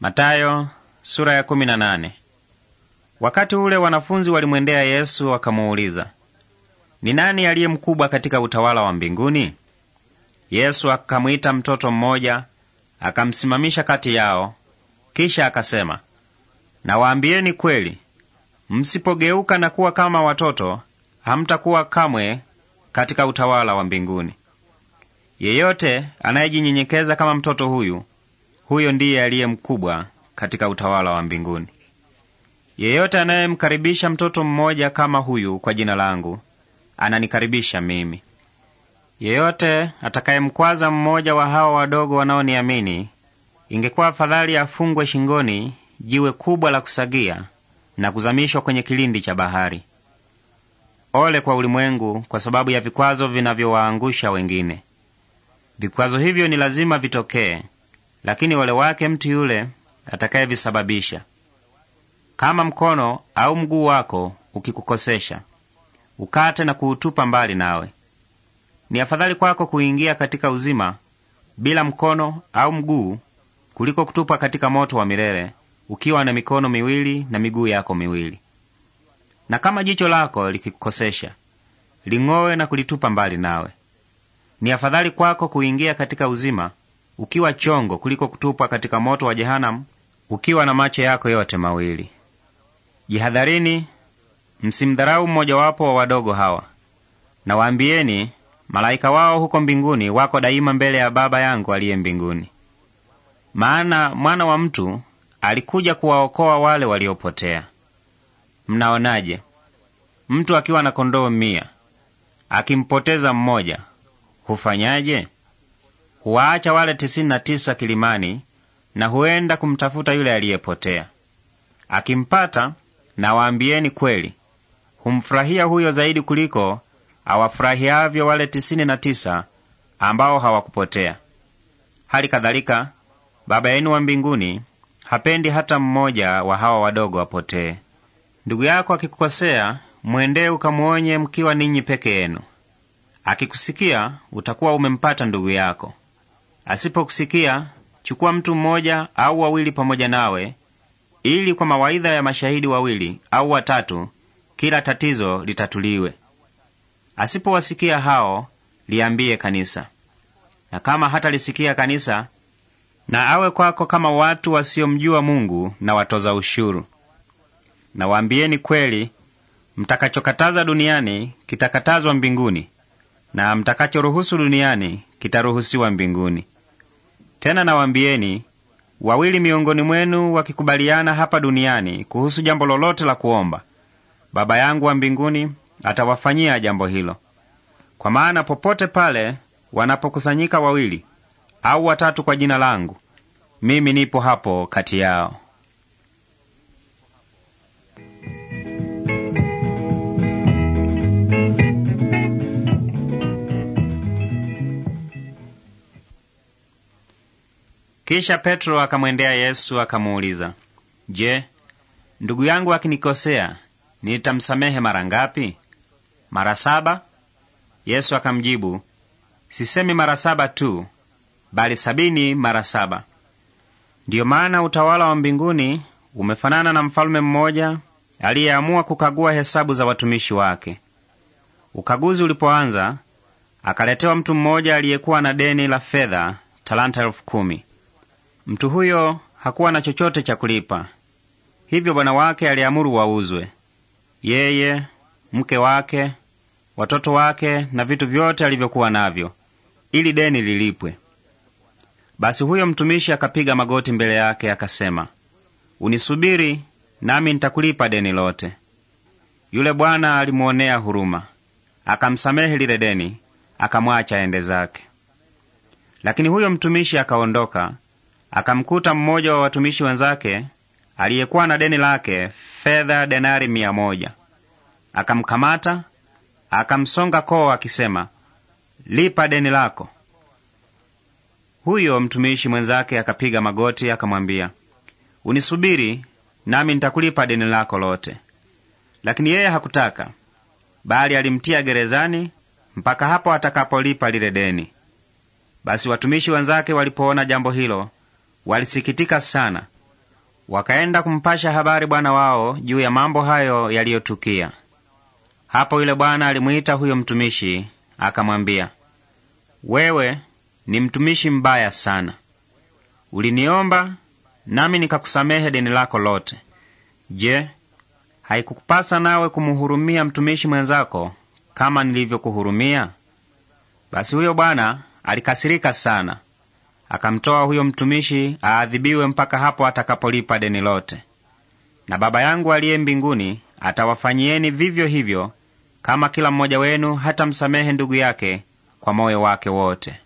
Matayo, sura ya kumi na nane. Wakati ule wanafunzi walimwendea Yesu wakamuuliza, ni nani aliye mkubwa katika utawala wa mbinguni? Yesu akamwita mtoto mmoja akamsimamisha kati yao, kisha akasema, nawaambieni kweli, msipogeuka na kuwa kama watoto, hamtakuwa kamwe katika utawala wa mbinguni. Yeyote anayejinyenyekeza kama mtoto huyu huyo ndiye aliye mkubwa katika utawala wa mbinguni. Yeyote anayemkaribisha mtoto mmoja kama huyu kwa jina langu ananikaribisha mimi. Yeyote atakayemkwaza mmoja wa hawa wadogo wanaoniamini, ingekuwa afadhali afungwe shingoni jiwe kubwa la kusagia na kuzamishwa kwenye kilindi cha bahari. Ole kwa ulimwengu kwa sababu ya vikwazo vinavyowaangusha wengine. Vikwazo hivyo ni lazima vitokee, lakini ole wake mtu yule atakayevisababisha. Kama mkono au mguu wako ukikukosesha, ukate na kuutupa mbali nawe. Ni afadhali kwako kuingia katika uzima bila mkono au mguu kuliko kutupa katika moto wa milele ukiwa na mikono miwili na miguu yako miwili. Na kama jicho lako likikukosesha, ling'owe na kulitupa mbali nawe. Ni afadhali kwako kuingia katika uzima ukiwa chongo kuliko kutupwa katika moto wa jehanamu ukiwa na macho yako yote mawili. Jihadharini, msimdharau mmojawapo wa wadogo hawa. Na waambieni, malaika wao huko mbinguni wako daima mbele ya Baba yangu aliye mbinguni. Maana mwana wa mtu alikuja kuwaokoa wale waliopotea. Mnaonaje? Mtu akiwa na kondoo mia akimpoteza mmoja hufanyaje? huwaacha wale tisini na tisa kilimani na huenda kumtafuta yule aliyepotea. Akimpata, na kweli, humfurahia huyo zaidi kuliko awafurahiavyo wale tisini na tisa ambao hawakupotea. Hali kadhalika Baba yenu wa mbinguni hapendi hata mmoja wa hawa wadogo apotee. Ndugu yako akikukosea, mwendee ukamwonye mkiwa ninyi peke yenu. Akikusikia, utakuwa umempata ndugu yako. Asipokusikia, chukua mtu mmoja au wawili pamoja nawe, ili kwa mawaidha ya mashahidi wawili au watatu kila tatizo litatuliwe. Asipowasikia hao, liambie kanisa. Na kama hatalisikia kanisa, na awe kwako kama watu wasiomjua Mungu na watoza ushuru. Na waambieni kweli, mtakachokataza duniani kitakatazwa mbinguni, na mtakachoruhusu duniani kitaruhusiwa mbinguni. Tena nawaambieni, wawili miongoni mwenu wakikubaliana hapa duniani kuhusu jambo lolote la kuomba, Baba yangu wa mbinguni atawafanyia jambo hilo. Kwa maana popote pale wanapokusanyika wawili au watatu kwa jina langu, mimi nipo hapo kati yao. Kisha Petro akamwendea Yesu akamuuliza, Je, ndugu yangu akinikosea nitamsamehe mara ngapi? Mara saba? Yesu akamjibu, sisemi mara saba tu, bali sabini mara saba. Ndiyo maana utawala wa mbinguni umefanana na mfalume mmoja aliyeamua kukagua hesabu za watumishi wake. Ukaguzi ulipoanza, akaletewa mtu mmoja aliyekuwa na deni la fedha talanta elfu kumi. Mtu huyo hakuwa na chochote cha kulipa, hivyo bwana wake aliamuru wauzwe, yeye, mke wake, watoto wake na vitu vyote alivyokuwa navyo, ili deni lilipwe. Basi huyo mtumishi akapiga magoti mbele yake akasema, unisubiri nami nitakulipa deni lote. Yule bwana alimuonea huruma, akamsamehe lile deni, akamwacha ende zake. Lakini huyo mtumishi akaondoka akamkuta mmoja wa watumishi wenzake aliyekuwa na deni lake fedha denari mia moja. Akamkamata, akamsonga koo akisema, lipa deni lako. Huyo mtumishi mwenzake akapiga magoti akamwambia, unisubiri nami nitakulipa deni lako lote. Lakini yeye hakutaka, bali alimtia gerezani mpaka hapo atakapolipa lile deni. Basi watumishi wenzake walipoona jambo hilo, walisikitika sana, wakaenda kumpasha habari bwana wao juu ya mambo hayo yaliyotukia. Hapo yule bwana alimwita huyo mtumishi akamwambia, wewe ni mtumishi mbaya sana. Uliniomba nami nikakusamehe deni lako lote. Je, haikukupasa nawe kumhurumia mtumishi mwenzako kama nilivyokuhurumia? Basi huyo bwana alikasirika sana, akamtoa huyo mtumishi aadhibiwe mpaka hapo atakapolipa deni lote. Na Baba yangu aliye mbinguni atawafanyieni vivyo hivyo, kama kila mmoja wenu hata msamehe ndugu yake kwa moyo wake wote.